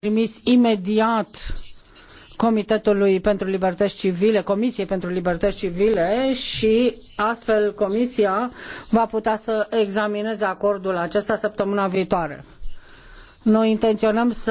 trimis imediat Comitetului pentru Libertăți Civile, Comisiei pentru Libertăți Civile și astfel Comisia va putea să examineze acordul acesta săptămâna viitoare. Noi intenționăm să